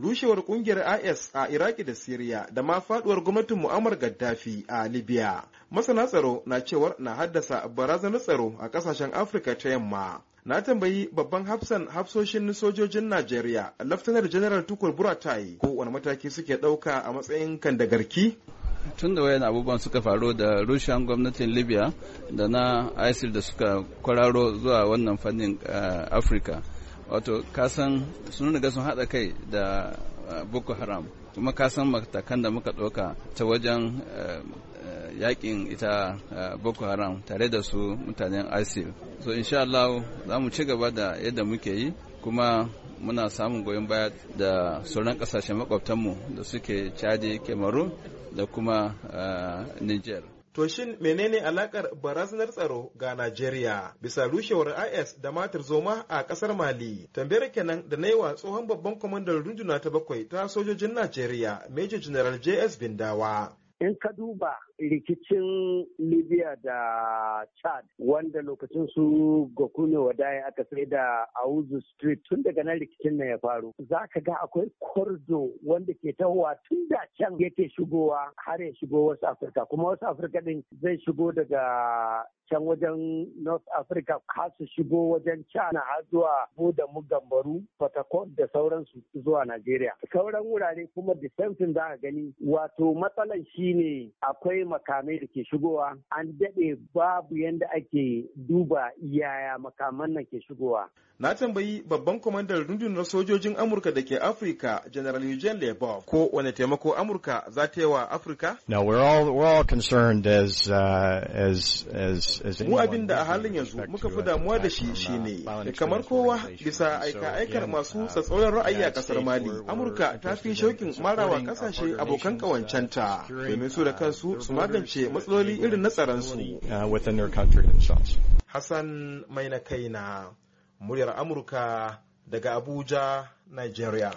rushewar kungiyar is a iraki da siriya da ma faduwar gwamnatin mu'ammar gaddafi a libya masana tsaro na cewar na haddasa barazanar tsaro a kasashen afirka ta yamma na tambayi babban hafsan hafsoshin sojojin najeriya laftanar general tukur buratai ko wani mataki suke ɗauka a matsayin kandagarki tun da wayan abubuwan suka faru da rushen gwamnatin libya da na isil da suka kwararo zuwa wannan fannin eh, afirka wato kasan sun riga sun haɗa kai da eh, boko haram kuma kasan matakan da muka ɗauka ta wajen eh, eh, yakin ita boko haram tare da su mutanen isil so sha Allah za mu ci gaba da yadda muke yi kuma muna samun goyon baya da sauran kasashen makwabtanmu da suke chadi kemaru da kuma niger To shin menene alakar barazanar tsaro ga Najeriya bisa rushewar IS da matar zoma a kasar Mali? Tambayar kenan da na yi wa tsohon babban kwamandan runduna ta bakwai ta sojojin Najeriya, Major General JS Bindawa. in ka duba rikicin libya da chad wanda lokacin su gokune wadaya aka sai da auzu street tun daga nan rikicin nan ya faru za ka ga akwai kordo wanda ke tahowa tun da can yake shigowa har ya shigo wasu afirka kuma wasu afirka din zai shigo daga can wajen North Africa har su shigo wajen China har zuwa Buda Mugambaru, fatakon da sauransu zuwa Najeriya. Sauran wurare kuma da za ka gani wato matsalan shi shine akwai makamai da ke shigowa an daɗe babu yadda ake duba yaya makaman nan ke shigowa. Na tambayi babban kwamandan rundunar sojojin Amurka da ke Afirka, General Eugene Lebov, ko wane taimako Amurka za ta yi wa Afirka? we're uh, Mu abin da a halin yanzu muka fi damuwa da shi uh, shine, da kamar kowa bisa aika-aikar masu uh, tsatsauran ra'ayi a ƙasar Mali, Amurka ta fi shaukin marawa ƙasashe abokan ƙawancenta. domin su da kansu su magance matsaloli irin na tsaronsu. Uh, Hassan mai na kai na muryar Amurka daga Abuja, Nigeria.